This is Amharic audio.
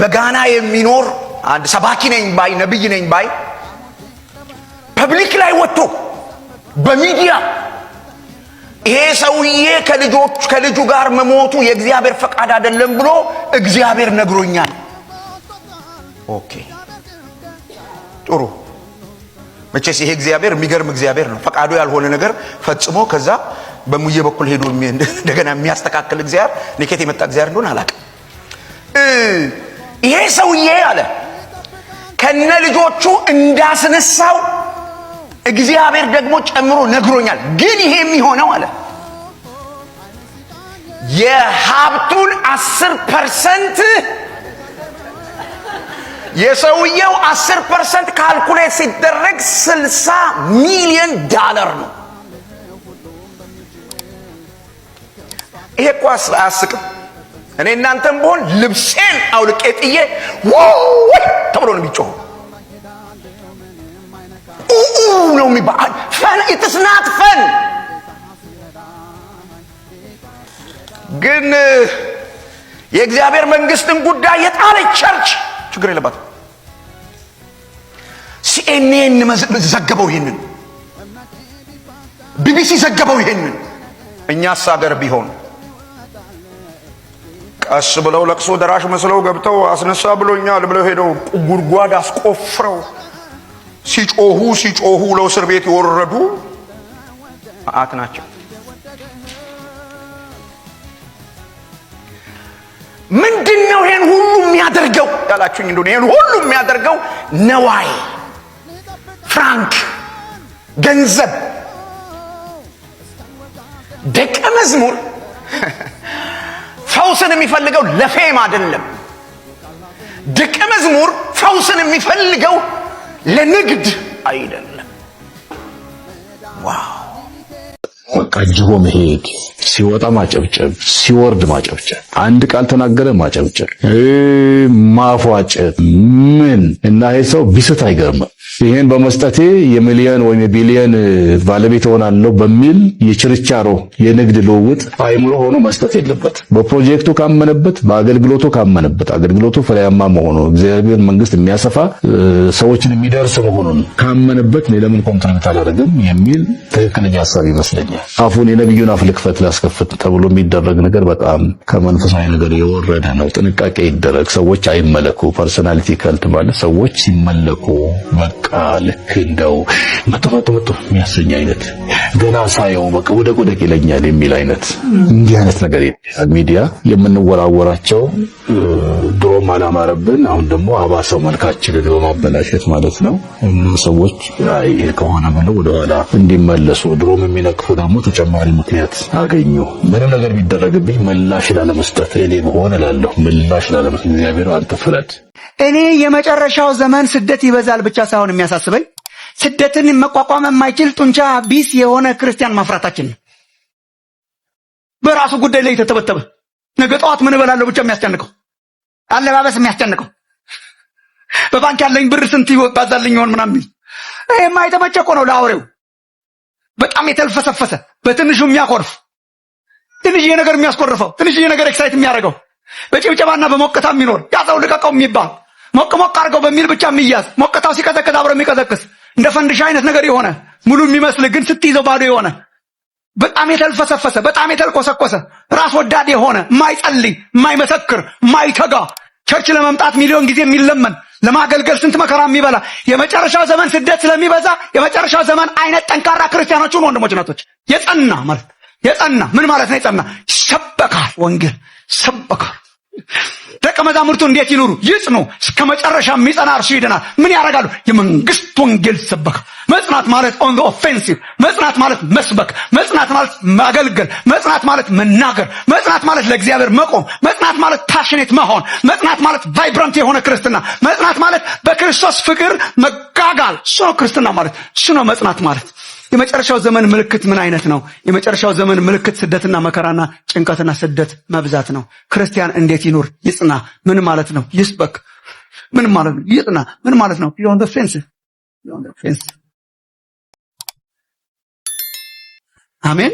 በጋና የሚኖር አንድ ሰባኪ ነኝ ባይ ነብይ ነኝ ባይ ፐብሊክ ላይ ወጥቶ በሚዲያ ይሄ ሰውዬ ከልጆች ከልጁ ጋር መሞቱ የእግዚአብሔር ፈቃድ አይደለም ብሎ እግዚአብሔር ነግሮኛል። ኦኬ ጥሩ። መቼስ ይሄ እግዚአብሔር የሚገርም እግዚአብሔር ነው። ፈቃዱ ያልሆነ ነገር ፈጽሞ ከዛ በሙዬ በኩል ሄዶ እንደገና የሚያስተካክል እግዚአብሔር፣ ኔኬት የመጣ እግዚአብሔር እንደሆነ አላውቅም። ይሄ ሰውዬ አለ ከነ ልጆቹ እንዳስነሳው እግዚአብሔር ደግሞ ጨምሮ ነግሮኛል። ግን ይሄ የሚሆነው አለ የሀብቱን አስር ፐርሰንት የሰውየው አስር ፐርሰንት ካልኩሌት ሲደረግ ስልሳ ሚሊዮን ዳለር ነው። ይሄ እኮ አያስቅም? እኔ እናንተም ብሆን ልብሴን አውልቄ ጥዬ ወይ ተብሎ ነው የሚጮኸው። ነው የሚባል ፈን ኢትስናት ፈን ግን የእግዚአብሔር መንግስትን ጉዳይ የጣለች ቸርች ችግር የለባትም። ሲኤንኤን ዘገበው ይህንን ቢቢሲ ዘገበው ይህንን እኛስ አገር ቢሆን ቀስ ብለው ለቅሶ ደራሽ መስለው ገብተው አስነሳ ብሎኛል ብለው ሄደው ጉድጓድ አስቆፍረው ሲጮሁ ሲጮሁ ለው እስር ቤት የወረዱ መዓት ናቸው። ምንድን ነው ይሄን ሁሉ የሚያደርገው ያላችሁኝ እንደሆነ ይሄን ሁሉ የሚያደርገው ነዋይ፣ ፍራንክ፣ ገንዘብ ደቀ መዝሙር ፈውስን የሚፈልገው ለፌም አይደለም። ደቀ መዝሙር ፈውስን የሚፈልገው ለንግድ አይደለም። ዋው በቃ ጅቦ መሄድ፣ ሲወጣ ማጨብጨብ፣ ሲወርድ ማጨብጨብ፣ አንድ ቃል ተናገረ ማጨብጨብ፣ ማፏጨት ምን እና ይሄ ሰው ቢስት አይገርምም። ይሄን በመስጠቴ የሚሊዮን ወይም የቢሊዮን ባለቤት ሆናለሁ በሚል የችርቻሮ የንግድ ልውውጥ አይምሮ ሆኖ መስጠት የለበት። በፕሮጀክቱ ካመነበት፣ በአገልግሎቱ ካመነበት፣ አገልግሎቱ ፍሬያማ መሆኑ እግዚአብሔር መንግስት የሚያሰፋ ሰዎችን የሚደርስ መሆኑን ካመነበት ለምን ኮንትራክት አላደርግም የሚል ትክክለኛ ሀሳብ ይመስለኛል። አፉን የነቢዩን አፍ ልክፈት ላስከፍት ተብሎ የሚደረግ ነገር በጣም ከመንፈሳዊ ነገር የወረደ ነው። ጥንቃቄ ይደረግ። ሰዎች አይመለኩ። ፐርሶናሊቲ ከልት ማለት ሰዎች ሲመለኩ በቃ ልክ እንደው መጥፋት መጡ የሚያሰኝ አይነት ገና ሳየው በቃ ወደ ቁደቅ ይለኛል የሚል አይነት እንዲህ አይነት ነገር ሚዲያ የምንወራወራቸው ድሮም አላማረብን፣ አሁን ደግሞ አባሰው መልካችንን በማበላሸት ማለት ነው። ሰዎች ከሆነ ብለው ወደኋላ እንዲመለሱ ድሮም የሚነቅፉ ደግሞ ተጨማሪ ምክንያት አገኘሁ። ምንም ነገር ቢደረግብኝ ምላሽ ላለመስጠት እኔ መሆን እላለሁ። ምላሽ ላለመስጠት እግዚአብሔር አንተ ፍረድ። እኔ የመጨረሻው ዘመን ስደት ይበዛል ብቻ ሳይሆን የሚያሳስበኝ ስደትን መቋቋም የማይችል ጡንቻ ቢስ የሆነ ክርስቲያን ማፍራታችን በራሱ ጉዳይ ላይ የተተበተበ ነገ ጠዋት ምን እበላለሁ ብቻ የሚያስጨንቀው አለባበስ የሚያስጨንቀው በባንክ ያለኝ ብር ስንት ይወጣዛልኝ ይሆን ምናምን ይሄማ የተመቸ እኮ ነው ለአውሬው። በጣም የተልፈሰፈሰ በትንሹ የሚያኮርፍ ትንሽዬ ነገር የሚያስኮርፈው ትንሽዬ ነገር ኤክሳይት የሚያደርገው በጭብጨባና በሞቅታ የሚኖር ያ ሰው ልቀቀው የሚባል ሞቅ ሞቅ አድርገው በሚል ብቻ የሚያዝ ሞቅታው ሲቀዘቅዝ አብረ የሚቀዘቅስ እንደ ፈንድሻ አይነት ነገር የሆነ ሙሉ የሚመስል ግን ስትይዘው ባዶ የሆነ በጣም የተልፈሰፈሰ በጣም የተልቆሰቆሰ ራስ ወዳድ የሆነ የማይጸልይ የማይመሰክር የማይተጋ ቸርች ለመምጣት ሚሊዮን ጊዜ የሚለመን ለማገልገል ስንት መከራ የሚበላ የመጨረሻ ዘመን ስደት ስለሚበዛ የመጨረሻ ዘመን አይነት ጠንካራ ክርስቲያኖችን ወንድሞች ናቶች የጸና ማለት የጸና ምን ማለት ነው? የጸና ይሰበካል፣ ወንጌል ይሰበካል። ደቀ መዛሙርቱ እንዴት ይኑሩ? ይጽኑ። እስከ መጨረሻ የሚጸና እርሱ ይድናል። ምን ያደርጋሉ? የመንግስት ወንጌል ይሰበካል። መጽናት ማለት ኦን ዘ ኦፌንሲቭ፣ መጽናት ማለት መስበክ፣ መጽናት ማለት ማገልገል፣ መጽናት ማለት መናገር፣ መጽናት ማለት ለእግዚአብሔር መቆም፣ መጽናት ማለት ፓሽኔት መሆን፣ መጽናት ማለት ቫይብራንት የሆነ ክርስትና፣ መጽናት ማለት በክርስቶስ ፍቅር መጋጋል። እሱ ነው ክርስትና ማለት፣ እሱ ነው መጽናት ማለት። የመጨረሻው ዘመን ምልክት ምን አይነት ነው? የመጨረሻው ዘመን ምልክት ስደትና መከራና ጭንቀትና ስደት መብዛት ነው። ክርስቲያን እንዴት ይኑር? ይጽና። ምን ማለት ነው? ይስበክ። ምን ማለት ነው? ይጽና። ምን ማለት ነው? ቢዮንድ ፌንስ አሜን